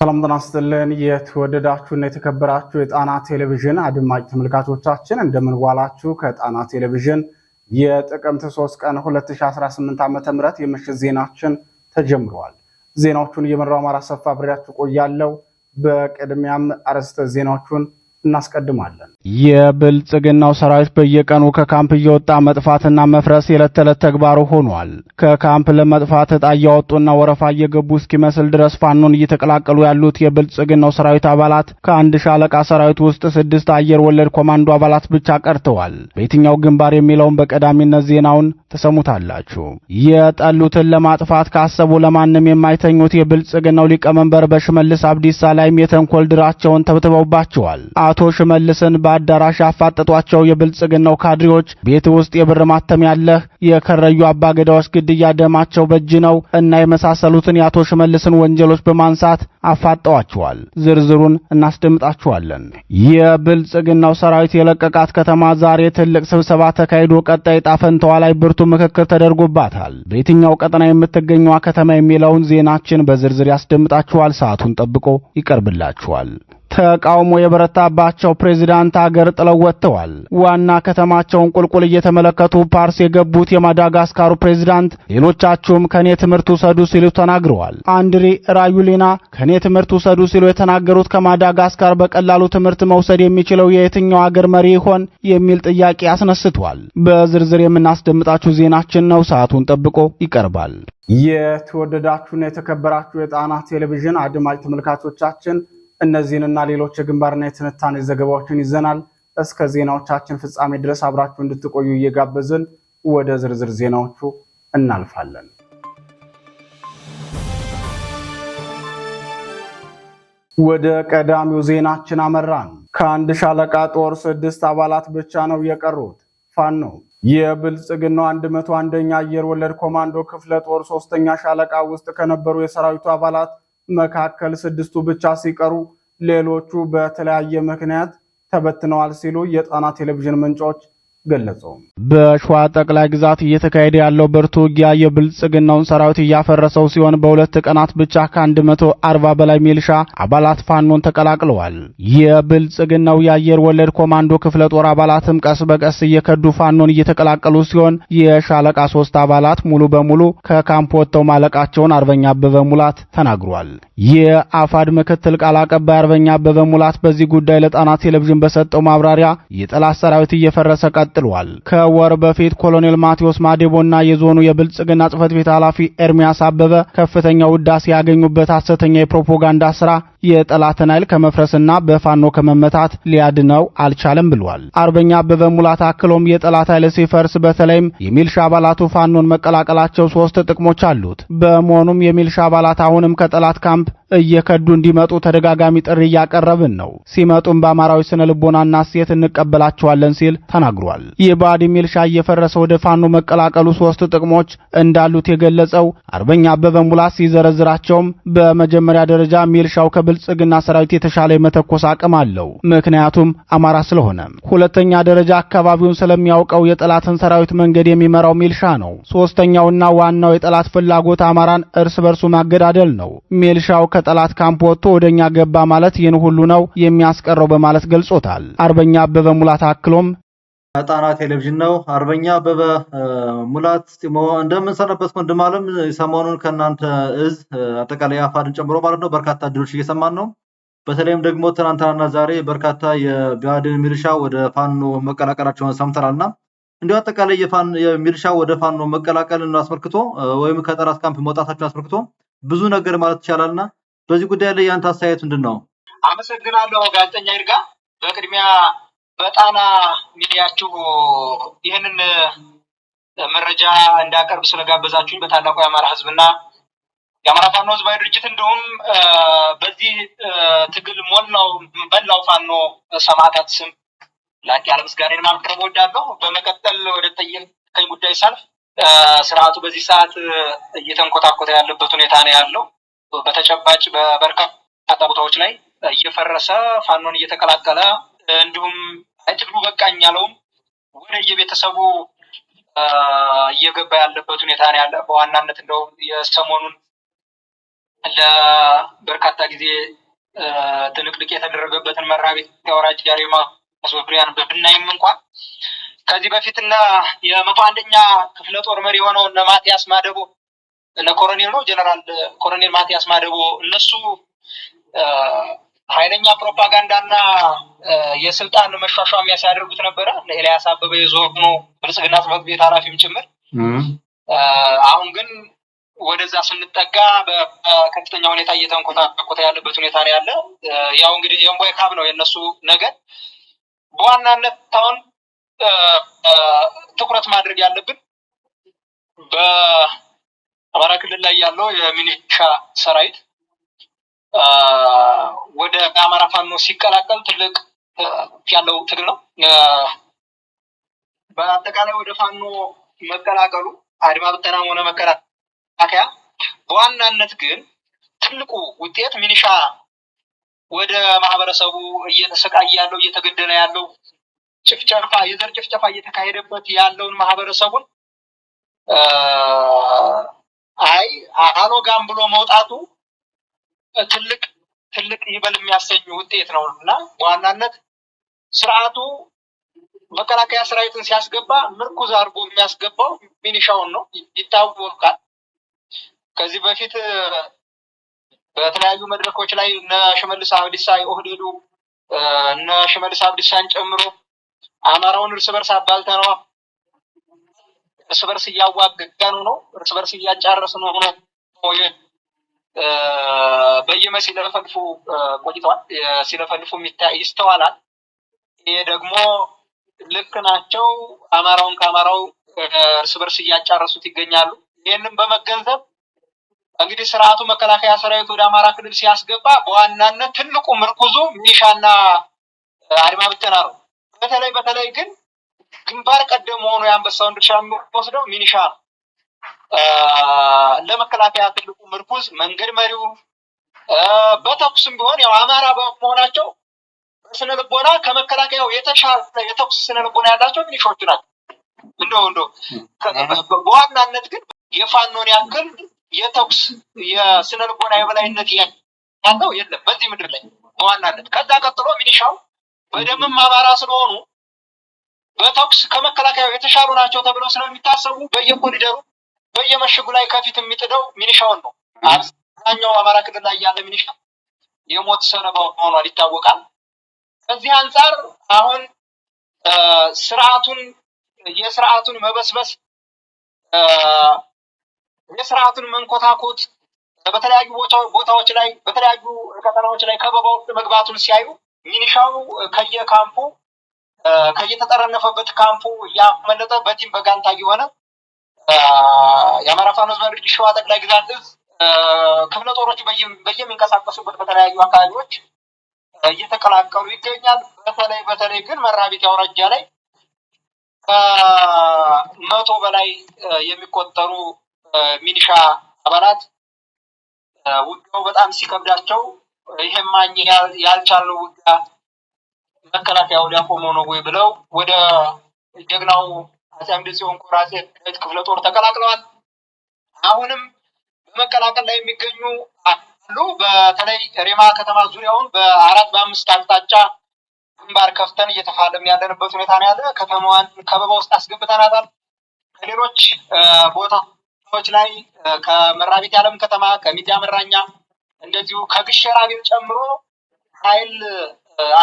ሰላም ጤና ይስጥልን። የተወደዳችሁና የተከበራችሁ የጣና ቴሌቪዥን አድማጭ ተመልካቾቻችን እንደምንዋላችሁ። ከጣና ቴሌቪዥን የጥቅምት 3 ቀን 2018 ዓ ም የምሽት ዜናችን ተጀምሯል። ዜናዎቹን እየመራው አማራ ሰፋ አብሬያችሁ ቆያለሁ። በቅድሚያም አርዕስተ ዜናዎቹን እናስቀድማለን። የብልጽግናው ሰራዊት በየቀኑ ከካምፕ እየወጣ መጥፋትና መፍረስ የዕለት ተዕለት ተግባሩ ሆኗል። ከካምፕ ለመጥፋት እጣ እያወጡና ወረፋ እየገቡ እስኪመስል ድረስ ፋኖን እየተቀላቀሉ ያሉት የብልጽግናው ሰራዊት አባላት ከአንድ ሻለቃ ሰራዊት ውስጥ ስድስት አየር ወለድ ኮማንዶ አባላት ብቻ ቀርተዋል። በየትኛው ግንባር የሚለውን በቀዳሚነት ዜናውን ተሰሙታላችሁ። የጠሉትን ለማጥፋት ካሰቡ ለማንም የማይተኙት የብልጽግናው ሊቀመንበር በሽመልስ አብዲሳ ላይም የተንኮል ድራቸውን ተብትበውባቸዋል። አቶ ሽመልስን በአዳራሽ ያፋጠጧቸው የብልጽግናው ካድሬዎች ቤት ውስጥ የብር ማተም ያለህ፣ የከረዩ አባገዳዎች ግድያ ደማቸው በእጅ ነው እና የመሳሰሉትን የአቶ ሽመልስን ወንጀሎች በማንሳት አፋጠዋቸዋል። ዝርዝሩን እናስደምጣችኋለን። የብልጽግናው ሰራዊት የለቀቃት ከተማ ዛሬ ትልቅ ስብሰባ ተካሂዶ ቀጣይ ጣፈንተዋ ላይ ብርቱ ምክክር ተደርጎባታል። በየትኛው ቀጠና የምትገኘዋ ከተማ የሚለውን ዜናችን በዝርዝር ያስደምጣችኋል። ሰዓቱን ጠብቆ ይቀርብላችኋል። ተቃውሞ የበረታባቸው ፕሬዚዳንት አገር ጥለው ወጥተዋል። ዋና ከተማቸውን ቁልቁል እየተመለከቱ ፓርስ የገቡት የማዳጋስካሩ ፕሬዚዳንት ሌሎቻችሁም ከእኔ ትምህርት ውሰዱ ሲሉ ተናግረዋል። አንድሪ ራዩሊና ከእኔ ትምህርት ውሰዱ ሲሉ የተናገሩት ከማዳጋስካር በቀላሉ ትምህርት መውሰድ የሚችለው የየትኛው አገር መሪ ይሆን የሚል ጥያቄ አስነስቷል። በዝርዝር የምናስደምጣችሁ ዜናችን ነው። ሰዓቱን ጠብቆ ይቀርባል። የተወደዳችሁና የተከበራችሁ የጣና ቴሌቪዥን አድማጭ ተመልካቾቻችን እነዚህንና ሌሎች የግንባርና የትንታኔ ዘገባዎችን ይዘናል። እስከ ዜናዎቻችን ፍጻሜ ድረስ አብራችሁ እንድትቆዩ እየጋበዝን ወደ ዝርዝር ዜናዎቹ እናልፋለን። ወደ ቀዳሚው ዜናችን አመራን። ከአንድ ሻለቃ ጦር ስድስት አባላት ብቻ ነው የቀሩት። ፋኖ የብልጽግናው አንድ መቶ አንደኛ አየር ወለድ ኮማንዶ ክፍለ ጦር ሶስተኛ ሻለቃ ውስጥ ከነበሩ የሰራዊቱ አባላት መካከል ስድስቱ ብቻ ሲቀሩ ሌሎቹ በተለያየ ምክንያት ተበትነዋል ሲሉ የጣና ቴሌቪዥን ምንጮች ገለጹ። በሸዋ ጠቅላይ ግዛት እየተካሄደ ያለው ብርቱ ውጊያ የብልጽግናውን ሰራዊት እያፈረሰው ሲሆን በሁለት ቀናት ብቻ ከ140 በላይ ሚልሻ አባላት ፋኖን ተቀላቅለዋል። የብልጽግናው የአየር ወለድ ኮማንዶ ክፍለ ጦር አባላትም ቀስ በቀስ እየከዱ ፋኖን እየተቀላቀሉ ሲሆን የሻለቃ ሶስት አባላት ሙሉ በሙሉ ከካምፕ ወጥተው ማለቃቸውን አርበኛ አበበ ሙላት ተናግሯል። የአፋድ ምክትል ቃል አቀባይ አርበኛ አበበ ሙላት በዚህ ጉዳይ ለጣና ቴሌቪዥን በሰጠው ማብራሪያ የጠላት ሰራዊት እየፈረሰ ቀጥ ቀጥሏል። ከወር በፊት ኮሎኔል ማቴዎስ ማዴቦና የዞኑ የብልጽግና ጽህፈት ቤት ኃላፊ ኤርሚያስ አበበ ከፍተኛ ውዳሴ ያገኙበት ሐሰተኛ የፕሮፓጋንዳ ስራ የጠላትን ኃይል ከመፍረስና በፋኖ ከመመታት ሊያድነው አልቻለም ብሏል። አርበኛ አበበ ሙላት አክሎም የጠላት ኃይል ሲፈርስ በተለይም የሚልሻ አባላቱ ፋኖን መቀላቀላቸው ሶስት ጥቅሞች አሉት። በመሆኑም የሚልሻ አባላት አሁንም ከጠላት ካምፕ እየከዱ እንዲመጡ ተደጋጋሚ ጥሪ እያቀረብን ነው። ሲመጡም በአማራዊ ስነ ልቦናና እሴት እንቀበላቸዋለን ሲል ተናግሯል። የባዲሚል ሚልሻ እየፈረሰ ወደ ፋኖ መቀላቀሉ ሶስት ጥቅሞች እንዳሉት የገለጸው አርበኛ አበበ ሙላ ሲዘረዝራቸውም በመጀመሪያ ደረጃ ሚልሻው ከብልጽግና ሰራዊት የተሻለ የመተኮስ አቅም አለው፣ ምክንያቱም አማራ ስለሆነ። ሁለተኛ ደረጃ አካባቢውን ስለሚያውቀው የጠላትን ሰራዊት መንገድ የሚመራው ሚልሻ ነው። ሶስተኛውና ዋናው የጠላት ፍላጎት አማራን እርስ በርሱ ማገዳደል ነው። ሚልሻው ከጠላት ካምፕ ወጥቶ ወደኛ ገባ ማለት ይህን ሁሉ ነው የሚያስቀረው በማለት ገልጾታል። አርበኛ አበበ ሙላት አክሎም ጣና ቴሌቪዥን ነው። አርበኛ አበበ ሙላት ጢሞ እንደምንሰነበት ወንድም አለም፣ ሰሞኑን ከእናንተ እዝ አጠቃላይ አፋድን ጨምሮ ማለት ነው በርካታ ድሎች እየሰማን ነው። በተለይም ደግሞ ትናንትናና ዛሬ በርካታ የብአዴን ሚሊሻ ወደ ፋኖ መቀላቀላቸውን ሰምተናልና እንዲሁ አጠቃላይ የሚሊሻ ወደ ፋኖ መቀላቀልን አስመልክቶ ወይም ከጠላት ካምፕ መውጣታቸውን አስመልክቶ ብዙ ነገር ማለት ይቻላልና በዚህ ጉዳይ ላይ ያንተ አስተያየት ምንድን ነው? አመሰግናለሁ ጋዜጠኛ ይርጋ በቅድሚያ በጣና ሚዲያችሁ ይህንን መረጃ እንዳቀርብ ስለጋበዛችሁኝ በታላቁ የአማራ ህዝብና የአማራ ፋኖ ህዝባዊ ድርጅት እንዲሁም በዚህ ትግል ሞላው በላው ፋኖ ሰማዕታት ስም ላቅ ያለ ምስጋና ማቅረብ እወዳለሁ። በመቀጠል ወደ ጠየቀኝ ጉዳይ ሳልፍ ስርዓቱ በዚህ ሰዓት እየተንኮታኮተ ያለበት ሁኔታ ነው ያለው። በተጨባጭ በበርካታ ቦታዎች ላይ እየፈረሰ ፋኖን እየተቀላቀለ እንዲሁም እትብሉ በቃኝ ያለውም ወደ የቤተሰቡ እየገባ ያለበት ሁኔታ ነው ያለ። በዋናነት እንደው የሰሞኑን ለበርካታ ጊዜ ትንቅንቅ የተደረገበትን መራቤት ተወራጭ ያሬማ አስወግሪያን በብናይም እንኳን ከዚህ በፊትና የመቶ አንደኛ ክፍለ ጦር መሪ የሆነው እነ ማቲያስ ማደቦ እነ ኮሎኔል ነው ጀነራል ኮሎኔል ማቲያስ ማደቦ እነሱ ኃይለኛ ፕሮፓጋንዳና የስልጣን መሿሿሚያ ሲያደርጉት ነበረ። ኤልያስ አበበ የዞኑ ብልጽግና ጽሕፈት ቤት ኃላፊም ጭምር። አሁን ግን ወደዛ ስንጠጋ በከፍተኛ ሁኔታ እየተንኮታኮተ ያለበት ሁኔታ ነው ያለ። ያው እንግዲህ የእምቧይ ካብ ነው የእነሱ ነገር። በዋናነት አሁን ትኩረት ማድረግ ያለብን በአማራ ክልል ላይ ያለው የሚኒሻ ሰራዊት ወደ አማራ ፋኖ ሲቀላቀል ትልቅ ያለው ትግል ነው። በአጠቃላይ ወደ ፋኖ መቀላቀሉ አድማ ብተናም ሆነ መከላከያ በዋናነት ግን ትልቁ ውጤት ሚኒሻ ወደ ማህበረሰቡ እየተሰቃየ ያለው እየተገደለ ያለው ጭፍጨፋ፣ የዘር ጭፍጨፋ እየተካሄደበት ያለውን ማህበረሰቡን አይ ጋም ብሎ መውጣቱ ትልቅ ትልቅ ይበል የሚያሰኝ ውጤት ነው እና በዋናነት ስርዓቱ መከላከያ ሰራዊትን ሲያስገባ ምርኩዝ አድርጎ የሚያስገባው ሚኒሻውን ነው ይታወቃል። ከዚህ በፊት በተለያዩ መድረኮች ላይ እነ ሽመልስ አብዲሳ የኦህዴዱ እነ ሽመልስ አብዲሳን ጨምሮ አማራውን እርስ በርስ አባልተነዋ እርስ በርስ እያዋገጋን ነው፣ እርስ በርስ እያጫረስ ነው ሆኖ በየመ ሲለፈልፉ ቆይተዋል። ሲለፈልፉ ይስተዋላል። ይሄ ደግሞ ልክ ናቸው። አማራውን ከአማራው እርስ በርስ እያጫረሱት ይገኛሉ። ይህንም በመገንዘብ እንግዲህ ስርዓቱ መከላከያ ሰራዊት ወደ አማራ ክልል ሲያስገባ በዋናነት ትልቁ ምርኩዙ ሚሊሻና አድማ ብተና ነው። በተለይ በተለይ ግን ግንባር ቀደም ሆኖ የአንበሳውን ድርሻ የሚወስደው ሚኒሻ ነው። ለመከላከያ ትልቁ ምርኩዝ መንገድ መሪው በተኩስም ቢሆን ያው አማራ መሆናቸው ስነ ልቦና ከመከላከያው የተሻለ የተኩስ ስነ ልቦና ያላቸው ሚሊሻዎቹ ናቸው። እንደ እንደው በዋናነት ግን የፋኖን ያክል የተኩስ የስነ ልቦና የበላይነት ያለው የለም በዚህ ምድር ላይ በዋናነት። ከዛ ቀጥሎ ሚሊሻው በደምም አማራ ስለሆኑ በተኩስ ከመከላከያው የተሻሉ ናቸው ተብለው ስለሚታሰቡ በየኮሪደሩ በየመሽጉ ላይ ከፊት የሚጥደው ሚሊሻውን ነው። አብዛኛው አማራ ክልል ላይ ያለ ሚሊሻ የሞት ሰለባ ሆኗል ይታወቃል። ከዚህ አንጻር አሁን ስርዓቱን የስርዓቱን መበስበስ የስርዓቱን መንኮታኮት በተለያዩ ቦታዎች ላይ በተለያዩ ቀጠናዎች ላይ ከበባ ውስጥ መግባቱን ሲያዩ ሚኒሻው ከየካምፑ ከየተጠረነፈበት ካምፑ እያመለጠ በቲም በጋንታ የሆነ የአማራ ፋኖ ህዝባዊ ሸዋ ጠቅላይ ግዛት ክፍለ ጦሮች በየሚንቀሳቀሱበት በተለያዩ አካባቢዎች እየተቀላቀሉ ይገኛል። በተለይ በተለይ ግን መራቢት አውራጃ ላይ ከመቶ በላይ የሚቆጠሩ ሚኒሻ አባላት ውጊያው በጣም ሲከብዳቸው ይሄማ ያልቻለ ውጊያ መከላከያ ወዲያ ነው ወይ ብለው ወደ ጀግናው አፄ አምደ ኮር አፄ ክፍለ ጦር ተቀላቅለዋል። አሁንም በመቀላቀል ላይ የሚገኙ ሁሉ በተለይ ሬማ ከተማ ዙሪያውን በአራት በአምስት አቅጣጫ ግንባር ከፍተን እየተፋለም ያለንበት ሁኔታ ነው ያለ። ከተማዋን ከበባ ውስጥ አስገብተናታል። ከሌሎች ቦታዎች ላይ ከመራቤት ያለም ከተማ ከሚዲያ መራኛ እንደዚሁ ቤት ጨምሮ ኃይል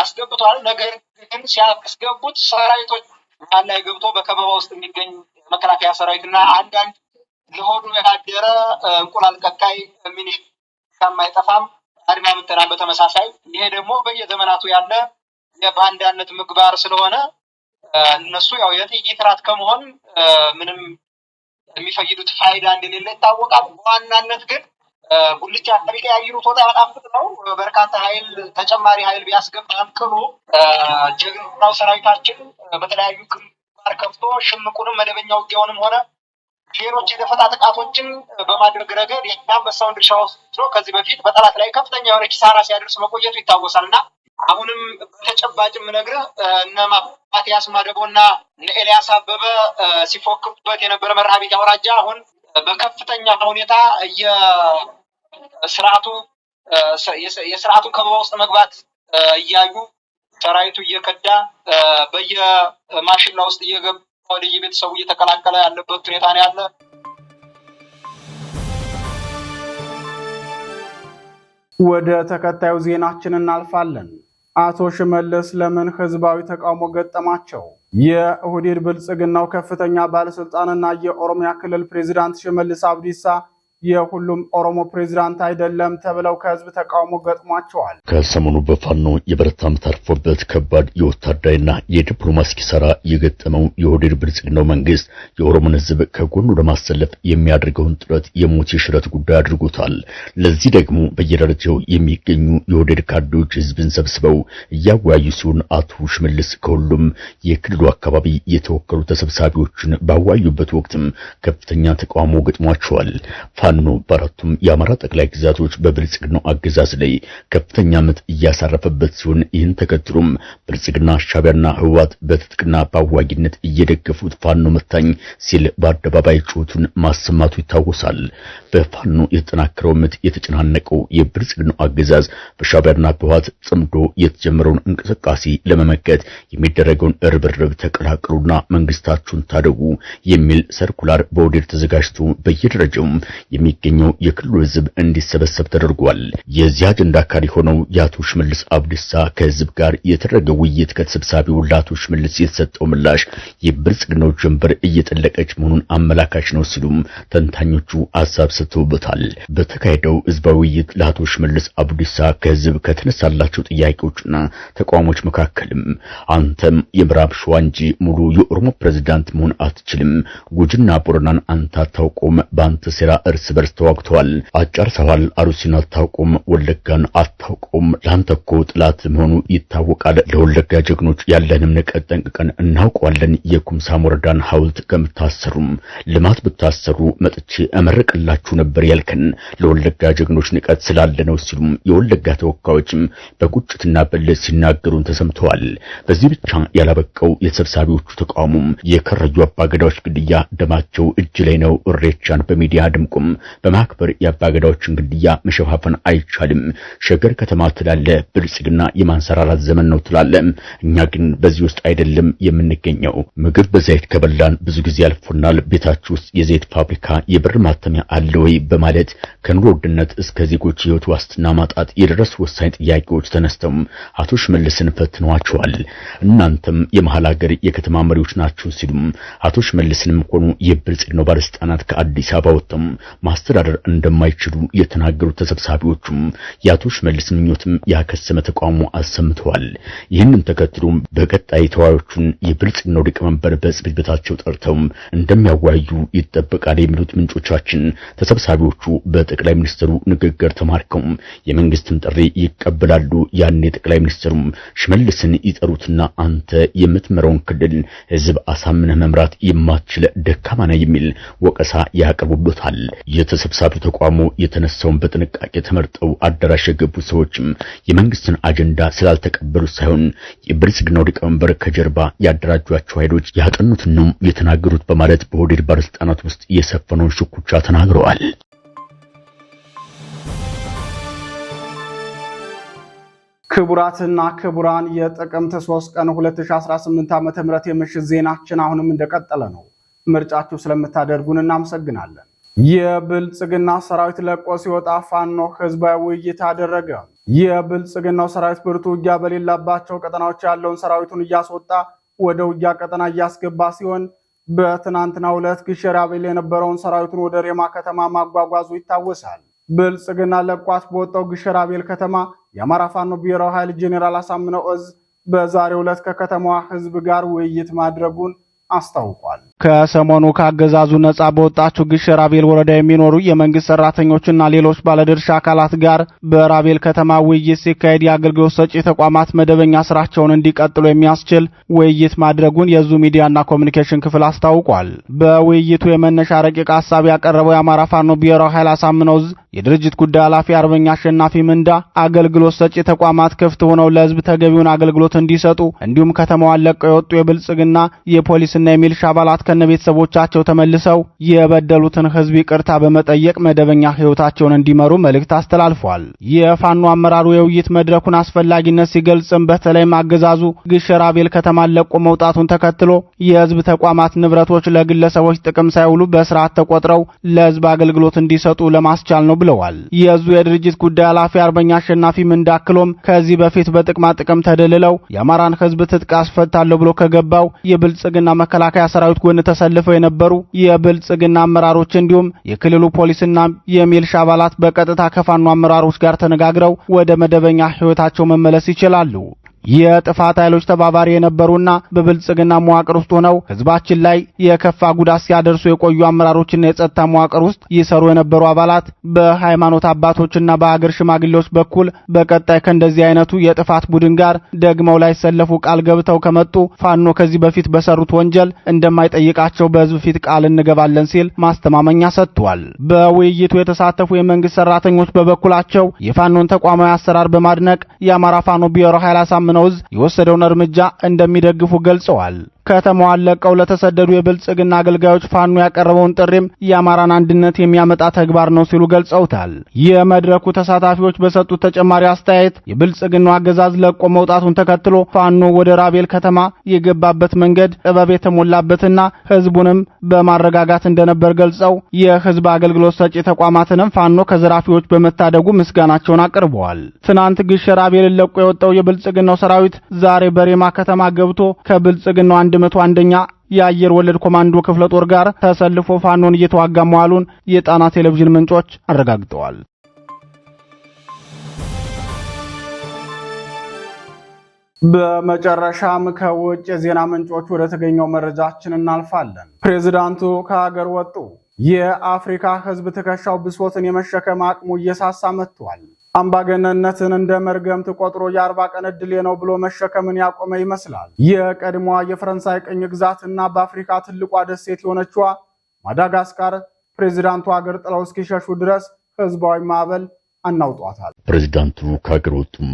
አስገብቷል። ነገር ግን ሲያስገቡት ሰራዊቶች መሀል ላይ ገብቶ በከበባ ውስጥ የሚገኝ መከላከያ ሰራዊት እና አንዳንድ ለሆዱ የታደረ እንቁላል ቀቃይ ሚኒሽ ከማይጠፋም አድማ የምጠላን በተመሳሳይ ይሄ ደግሞ በየዘመናቱ ያለ የባንዳነት ምግባር ስለሆነ እነሱ ያው የጥይት ራት ከመሆን ምንም የሚፈይዱት ፋይዳ እንደሌለ ይታወቃል። በዋናነት ግን ጉልቻ ቢቀያይሩ ጦጣ ያጣፍጥ ነው። በርካታ ኃይል ተጨማሪ ኃይል ቢያስገባም ቅሉ ጀግናው ሰራዊታችን በተለያዩ ግንባር ከፍቶ ሽምቁንም መደበኛ ውጊያውንም ሆነ ሌሎች የደፈጣ ጥቃቶችን በማድረግ ረገድ የአንበሳውን ድርሻ ወስዶ ከዚህ በፊት በጠላት ላይ ከፍተኛ የሆነ ኪሳራ ሲያደርስ መቆየቱ ይታወሳል እና አሁንም በተጨባጭም ነግረህ እነ ማቲያስ ማደጎ እና እነ ኤልያስ አበበ ሲፎክሩበት የነበረ መርሃቤት አውራጃ አሁን በከፍተኛ ሁኔታ የስርዓቱ የስርዓቱ ከበባ ውስጥ መግባት እያዩ ሰራዊቱ እየከዳ በየማሽላ ውስጥ እየገቡ ወደ የቤተሰቡ እየተቀላቀለ ያለበት ሁኔታ ነው ያለ። ወደ ተከታዩ ዜናችን እናልፋለን። አቶ ሽመልስ ለምን ህዝባዊ ተቃውሞ ገጠማቸው? የኦህዴድ ብልጽግናው ከፍተኛ ባለስልጣንና የኦሮሚያ ክልል ፕሬዚዳንት ሽመልስ አብዲሳ የሁሉም ኦሮሞ ፕሬዚዳንት አይደለም ተብለው ከህዝብ ተቃውሞ ገጥሟቸዋል። ከሰሞኑ በፋኖ የበረታም ታርፎበት ከባድ የወታደራዊና የዲፕሎማሲ ኪሳራ የገጠመው የኦህዴድ ብልጽግናው መንግስት የኦሮሞን ህዝብ ከጎኑ ለማሰለፍ የሚያደርገውን ጥረት የሞት የሽረት ጉዳይ አድርጎታል። ለዚህ ደግሞ በየደረጃው የሚገኙ የኦህዴድ ካድሬዎች ህዝብን ሰብስበው እያወያዩ ሲሆን አቶ ሽመልስ ከሁሉም የክልሉ አካባቢ የተወከሉ ተሰብሳቢዎችን ባዋዩበት ወቅትም ከፍተኛ ተቃውሞ ገጥሟቸዋል። ፋኖ በአራቱም የአማራ ጠቅላይ ግዛቶች በብልጽግናው አገዛዝ ላይ ከፍተኛ ምት እያሳረፈበት ሲሆን ይህን ተከትሎም ብልጽግና ሻቢያና ህወሓት በትጥቅና በአዋጊነት እየደገፉት ፋኖ መታኝ ሲል በአደባባይ ጩኸቱን ማሰማቱ ይታወሳል። በፋኖ የተጠናከረው ምት የተጨናነቀው የብልጽግናው አገዛዝ በሻቢያና በህወሓት ጽምዶ የተጀመረውን እንቅስቃሴ ለመመከት የሚደረገውን እርብርብ ተቀላቀሉና መንግስታችሁን ታደጉ የሚል ሰርኩላር በወዴር ተዘጋጅቶ በየደረጃውም የሚገኘው የክልሉ ህዝብ እንዲሰበሰብ ተደርጓል። የዚህ አጀንዳ አካል የሆነው የአቶ ሽመልስ አብዲሳ ከህዝብ ጋር የተደረገ ውይይት ከተሰብሳቢው ለአቶ ሽመልስ የተሰጠው ምላሽ የብልጽግናው ጀንበር እየጠለቀች መሆኑን አመላካች ነው ሲሉም ተንታኞቹ አሳብ ሰጥተውበታል። በተካሄደው ህዝባዊ ውይይት ለአቶ ሽመልስ አብዲሳ ከህዝብ ከተነሳላቸው ጥያቄዎችና ተቋሞች መካከልም አንተም የምዕራብ ሸዋ እንጂ ሙሉ የኦሮሞ ፕሬዝዳንት መሆን አትችልም፣ ጉጅና ቦረናን አንተ አታውቀውም፣ በአንተ ሴራ እርስ እርስ በርስ ተዋግተዋል። አጫርሰዋል፣ አሩሲን አታውቁም፣ ወለጋን አታውቁም። ለአንተ እኮ ጥላት መሆኑ ይታወቃል። ለወለጋ ጀግኖች ያለንም ንቀት ጠንቅቀን እናውቀዋለን። የኩምሳ ወረዳን ሐውልት ከምታሰሩም ልማት ብታሰሩ መጥቼ እመርቅላችሁ ነበር ያልከን ለወለጋ ጀግኖች ንቀት ስላለ ነው ሲሉም የወለጋ ተወካዮችም በቁጭትና በለ ሲናገሩን ተሰምተዋል። በዚህ ብቻ ያላበቀው የሰብሳቢዎቹ ተቃውሞም የከረዩ አባገዳዎች ግድያ ደማቸው እጅ ላይ ነው እሬቻን በሚዲያ ድምቁም በማክበር የአባገዳዎችን ግድያ መሸፋፈን አይቻልም። ሸገር ከተማ ትላለ ብልጽግና የማንሰራራት ዘመን ነው ትላለ። እኛ ግን በዚህ ውስጥ አይደለም የምንገኘው። ምግብ በዘይት ከበላን ብዙ ጊዜ ያልፎናል። ቤታችሁ ውስጥ የዘይት ፋብሪካ፣ የብር ማተሚያ አለ ወይ በማለት ከኑሮ ውድነት እስከ ዜጎች ህይወት ዋስትና ማጣት የደረሱ ወሳኝ ጥያቄዎች ተነስተው አቶ ሽመልስን ፈትነዋቸዋል። እናንተም የመሀል ሀገር የከተማ መሪዎች ናችሁ ሲሉም አቶ ሽመልስንም ሆኑ የብልጽግናው ባለስልጣናት ከአዲስ አበባ ወጥተው ማስተዳደር እንደማይችሉ የተናገሩት ተሰብሳቢዎቹም የአቶ ሽመልስ ምኞትም ያከሰመ ተቃውሞ አሰምተዋል። ይህንን ተከትሎም በቀጣይ ተወያዮቹን የብልጽግናው ሊቀመንበር በጽሕፈት ቤታቸው ጠርተው እንደሚያወያዩ ይጠበቃል የሚሉት ምንጮቻችን ተሰብሳቢዎቹ በጠቅላይ ሚኒስትሩ ንግግር ተማርከው የመንግስትን ጥሪ ይቀበላሉ። ያኔ ጠቅላይ ሚኒስትሩም ሽመልስን ይጠሩትና አንተ የምትመራውን ክልል ህዝብ አሳምነህ መምራት የማትችል ደካማ ነህ የሚል ወቀሳ ያቀርቡበታል። የተሰብሳቢ ተቋሙ የተነሳውን በጥንቃቄ ተመርጠው አዳራሽ የገቡ ሰዎችም የመንግስትን አጀንዳ ስላልተቀበሉ ሳይሆን የብልጽግናው ሊቀመንበር ከጀርባ ያደራጇቸው ኃይሎች ያጠኑትን ነው የተናገሩት በማለት በሆዴድ ባለስልጣናት ውስጥ የሰፈነውን ሽኩቻ ተናግረዋል። ክቡራትና ክቡራን የጥቅምት 3 ቀን 2018 ዓ.ም የምሽት ዜናችን አሁንም እንደቀጠለ ነው። ምርጫችሁ ስለምታደርጉን እናመሰግናለን። የብልጽግና ሰራዊት ለቆ ሲወጣ ፋኖ ህዝባዊ ውይይት አደረገ። የብልጽግናው ሰራዊት ብርቱ ውጊያ በሌላባቸው ቀጠናዎች ያለውን ሰራዊቱን እያስወጣ ወደ ውጊያ ቀጠና እያስገባ ሲሆን በትናንትናው ዕለት ግሸር አቤል የነበረውን ሰራዊቱን ወደ ሬማ ከተማ ማጓጓዙ ይታወሳል። ብልጽግና ለቋት በወጣው ግሸር አቤል ከተማ የአማራ ፋኖ ብሔራዊ ኃይል ጄኔራል አሳምነው እዝ በዛሬው ዕለት ከከተማዋ ህዝብ ጋር ውይይት ማድረጉን አስታውቋል። ከሰሞኑ ከአገዛዙ ነጻ በወጣችው ግሽ ራቤል ወረዳ የሚኖሩ የመንግስት ሰራተኞችና ሌሎች ባለድርሻ አካላት ጋር በራቤል ከተማ ውይይት ሲካሄድ የአገልግሎት ሰጪ ተቋማት መደበኛ ስራቸውን እንዲቀጥሉ የሚያስችል ውይይት ማድረጉን የዙ ሚዲያና ኮሚኒኬሽን ክፍል አስታውቋል። በውይይቱ የመነሻ ረቂቅ ሀሳብ ያቀረበው የአማራ ፋኖ ብሔራዊ ኃይል አሳምነው እዝ የድርጅት ጉዳይ ኃላፊ አርበኛ አሸናፊ ምንዳ አገልግሎት ሰጪ ተቋማት ክፍት ሆነው ለህዝብ ተገቢውን አገልግሎት እንዲሰጡ እንዲሁም ከተማዋን ለቀው የወጡ የብልጽግና የፖሊስና የሚልሻ አባላት ቤተሰቦቻቸው ተመልሰው የበደሉትን ህዝብ ይቅርታ በመጠየቅ መደበኛ ህይወታቸውን እንዲመሩ መልእክት አስተላልፏል። የፋኖ አመራሩ የውይይት መድረኩን አስፈላጊነት ሲገልጽም በተለይም አገዛዙ ግሽ ራቤል ከተማን ለቆ መውጣቱን ተከትሎ የህዝብ ተቋማት ንብረቶች ለግለሰቦች ጥቅም ሳይውሉ በስርዓት ተቆጥረው ለህዝብ አገልግሎት እንዲሰጡ ለማስቻል ነው ብለዋል። የዙ የድርጅት ጉዳይ ኃላፊ አርበኛ አሸናፊ ምንዳክሎም ከዚህ በፊት በጥቅማ ጥቅም ተደልለው የአማራን ህዝብ ትጥቅ አስፈታለሁ ብሎ ከገባው የብልጽግና መከላከያ ሰራዊት ጎን ተሰልፈው የነበሩ የብልጽግና አመራሮች እንዲሁም የክልሉ ፖሊስና የሚልሻ አባላት በቀጥታ ከፋኖ አመራሮች ጋር ተነጋግረው ወደ መደበኛ ህይወታቸው መመለስ ይችላሉ። የጥፋት ኃይሎች ተባባሪ የነበሩና በብልጽግና መዋቅር ውስጥ ሆነው ህዝባችን ላይ የከፋ ጉዳት ሲያደርሱ የቆዩ አመራሮችና የጸጥታ መዋቅር ውስጥ ይሰሩ የነበሩ አባላት በሃይማኖት አባቶችና በሀገር ሽማግሌዎች በኩል በቀጣይ ከእንደዚህ አይነቱ የጥፋት ቡድን ጋር ደግመው ላይሰለፉ ቃል ገብተው ከመጡ ፋኖ ከዚህ በፊት በሰሩት ወንጀል እንደማይጠይቃቸው በህዝብ ፊት ቃል እንገባለን ሲል ማስተማመኛ ሰጥቷል። በውይይቱ የተሳተፉ የመንግስት ሰራተኞች በበኩላቸው የፋኖን ተቋማዊ አሰራር በማድነቅ የአማራ ፋኖ ብሔራዊ ኃይል አስመነውዝ የወሰደውን እርምጃ እንደሚደግፉ ገልጸዋል ከተማዋን ለቀው ለተሰደዱ የብልጽግና አገልጋዮች ፋኖ ያቀረበውን ጥሪም የአማራን አንድነት የሚያመጣ ተግባር ነው ሲሉ ገልጸውታል። የመድረኩ ተሳታፊዎች በሰጡት ተጨማሪ አስተያየት የብልጽግናው አገዛዝ ለቆ መውጣቱን ተከትሎ ፋኖ ወደ ራቤል ከተማ የገባበት መንገድ ጥበብ የተሞላበትና ህዝቡንም በማረጋጋት እንደነበር ገልጸው የህዝብ አገልግሎት ሰጪ ተቋማትንም ፋኖ ከዘራፊዎች በመታደጉ ምስጋናቸውን አቅርበዋል። ትናንት ግሸ ራቤልን ለቆ የወጣው የብልጽግናው ሰራዊት ዛሬ በሬማ ከተማ ገብቶ ከብልጽግናው መቶ አንደኛ የአየር ወለድ ኮማንዶ ክፍለ ጦር ጋር ተሰልፎ ፋኖን እየተዋጋ መዋሉን የጣና ቴሌቪዥን ምንጮች አረጋግጠዋል። በመጨረሻም ከውጭ የዜና ምንጮች ወደ ተገኘው መረጃችን እናልፋለን። ፕሬዚዳንቱ ከሀገር ወጡ። የአፍሪካ ሕዝብ ትከሻው ብሶትን የመሸከም አቅሙ እየሳሳ መጥቷል። አምባገነነትን እንደ መርገምት ቆጥሮ የአርባ ቀን ዕድሌ ነው ብሎ መሸከምን ያቆመ ይመስላል። የቀድሞዋ የፈረንሳይ ቅኝ እና በአፍሪካ ትልቋ ደሴት የሆነችዋ ማዳጋስካር ፕሬዚዳንቱ አገር ጥለው እስኪሸሹ ድረስ ህዝባዊ ማዕበል አናውጧታል። ፕሬዚዳንቱ ከሀገር ወጡም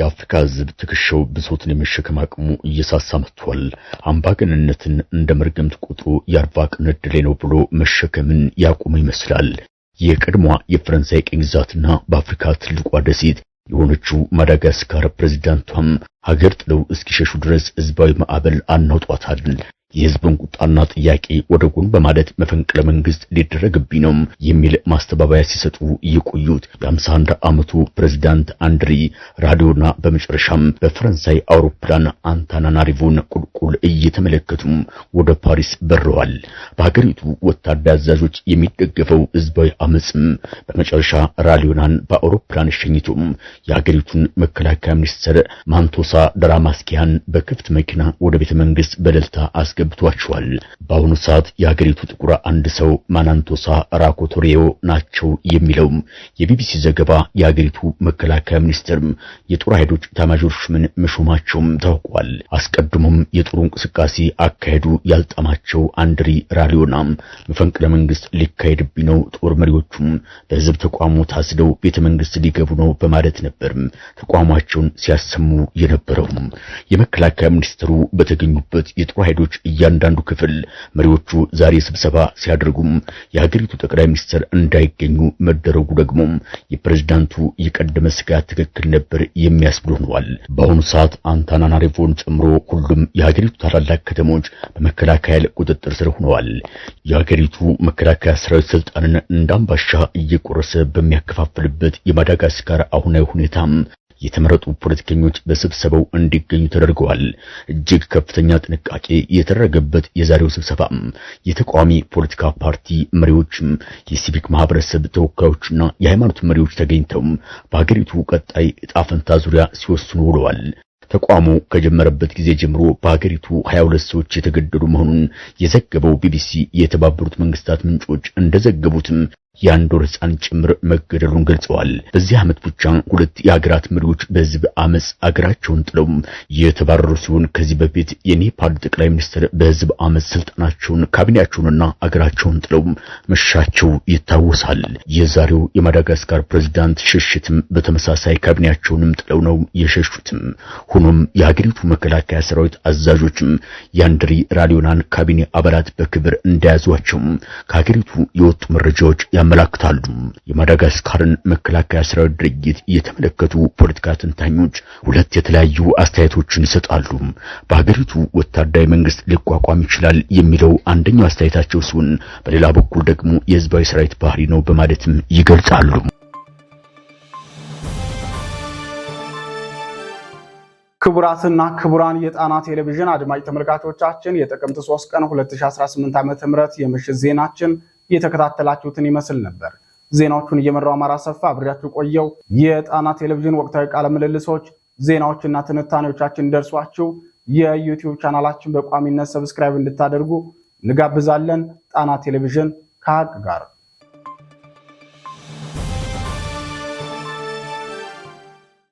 የአፍሪካ ህዝብ ትከሻው ብሶትን የመሸከም አቅሙ እየሳሳ መጥቷል። አምባገነንነትን እንደ መርገምት ቆጥሮ የአርባ ቀን ዕድሌ ነው ብሎ መሸከምን ያቆመ ይመስላል። የቀድሞዋ የፈረንሳይ ቅኝ ግዛትና በአፍሪካ ትልቋ ደሴት የሆነችው ማዳጋስካር ፕሬዝዳንቷም ሀገር ጥለው እስኪሸሹ ድረስ ህዝባዊ ማዕበል አናውጧታል። የህዝብን ቁጣና ጥያቄ ወደ ጎን በማለት መፈንቅለ መንግስት ሊደረግብኝ ነው የሚል ማስተባበያ ሲሰጡ የቆዩት የ51 ዓመቱ ፕሬዝዳንት አንድሪ ራዲዮና በመጨረሻም በፈረንሳይ አውሮፕላን አንታናናሪቮን ቁልቁል እየተመለከቱም ወደ ፓሪስ በረዋል። በሀገሪቱ ወታደር አዛዦች የሚደገፈው ህዝባዊ አመፅም በመጨረሻ ራዲዮናን በአውሮፕላን ሸኝቶም የሀገሪቱን መከላከያ ሚኒስትር ማንቶሳ ደራማስኪያን በክፍት መኪና ወደ ቤተ መንግስት በደልታ አስ አስገብቷቸዋል። በአሁኑ ሰዓት የሀገሪቱ ጥቁር አንድ ሰው ማናንቶሳ ራኮቶሬዮ ናቸው የሚለው የቢቢሲ ዘገባ የሀገሪቱ መከላከያ ሚኒስትርም የጦር ኃይሎች ኤታማዦር ሹምን መሾማቸውም ታውቋል። አስቀድሞም የጦሩ እንቅስቃሴ አካሄዱ ያልጣማቸው አንድሪ ራሊዮና መፈንቅለ መንግስት ሊካሄድብኝ ነው፣ ጦር መሪዎቹም በህዝብ ተቋሙ ታስደው ቤተ መንግስት ሊገቡ ነው በማለት ነበርም ተቋማቸውን ሲያሰሙ የነበረውም። የመከላከያ ሚኒስትሩ በተገኙበት የጦር ኃይሎች እያንዳንዱ ክፍል መሪዎቹ ዛሬ ስብሰባ ሲያደርጉም የሀገሪቱ ጠቅላይ ሚኒስትር እንዳይገኙ መደረጉ ደግሞ የፕሬዝዳንቱ የቀደመ ስጋት ትክክል ነበር የሚያስብል ሆኗል። በአሁኑ ሰዓት አንታናናሪቮን ጨምሮ ሁሉም የሀገሪቱ ታላላቅ ከተሞች በመከላከያ ቁጥጥር ስር ሆነዋል። የሀገሪቱ መከላከያ ሰራዊት ስልጣንን አምባሻ እየቆረሰ በሚያከፋፍልበት የማዳጋስካር አሁናዊ ሁኔታም የተመረጡ ፖለቲከኞች በስብሰባው እንዲገኙ ተደርገዋል። እጅግ ከፍተኛ ጥንቃቄ የተደረገበት የዛሬው ስብሰባ የተቃዋሚ ፖለቲካ ፓርቲ መሪዎችም፣ የሲቪክ ማህበረሰብ ተወካዮችና የሃይማኖት መሪዎች ተገኝተው በሀገሪቱ ቀጣይ ዕጣ ፈንታ ዙሪያ ሲወስኑ ውለዋል። ተቋሙ ከጀመረበት ጊዜ ጀምሮ በሀገሪቱ 22 ሰዎች የተገደሉ መሆኑን የዘገበው ቢቢሲ የተባበሩት መንግስታት ምንጮች እንደዘገቡትም የአንድ ወር ሕፃን ጭምር መገደሉን ገልጸዋል። በዚህ ዓመት ብቻ ሁለት የሀገራት መሪዎች በህዝብ አመፅ አገራቸውን ጥለው የተባረሩ ሲሆን ከዚህ በፊት የኔፓል ጠቅላይ ሚኒስትር በህዝብ አመፅ ስልጣናቸውን ካቢኔያቸውንና አገራቸውን ጥለው መሻቸው ይታወሳል። የዛሬው የማዳጋስካር ፕሬዝዳንት ሽሽትም በተመሳሳይ ካቢኔያቸውንም ጥለው ነው የሸሹትም። ሆኖም የሀገሪቱ መከላከያ ሰራዊት አዛዦችም የአንድሪ ራሊዮናን ካቢኔ አባላት በክብር እንደያዟቸው ከሀገሪቱ የወጡ መረጃዎች ያመላክታሉ። የማዳጋስካርን መከላከያ ሰራዊት ድርጊት የተመለከቱ ፖለቲካ ተንታኞች ሁለት የተለያዩ አስተያየቶችን ይሰጣሉ። በሀገሪቱ ወታደራዊ መንግስት ሊቋቋም ይችላል የሚለው አንደኛው አስተያየታቸው ሲሆን፣ በሌላ በኩል ደግሞ የህዝባዊ ሰራዊት ባህሪ ነው በማለትም ይገልጻሉ። ክቡራትና ክቡራን የጣና ቴሌቪዥን አድማጭ ተመልካቾቻችን የጥቅምት 3 ቀን 2018 ዓ.ም የምሽት ዜናችን እየተከታተላችሁትን ይመስል ነበር። ዜናዎቹን እየመራው አማራ ሰፋ አብሬያችሁ ቆየው። የጣና ቴሌቪዥን ወቅታዊ ቃለ ምልልሶች፣ ዜናዎችና ትንታኔዎቻችን ደርሷችሁ የዩቲዩብ ቻናላችን በቋሚነት ሰብስክራይብ እንድታደርጉ እንጋብዛለን። ጣና ቴሌቪዥን ከሀቅ ጋር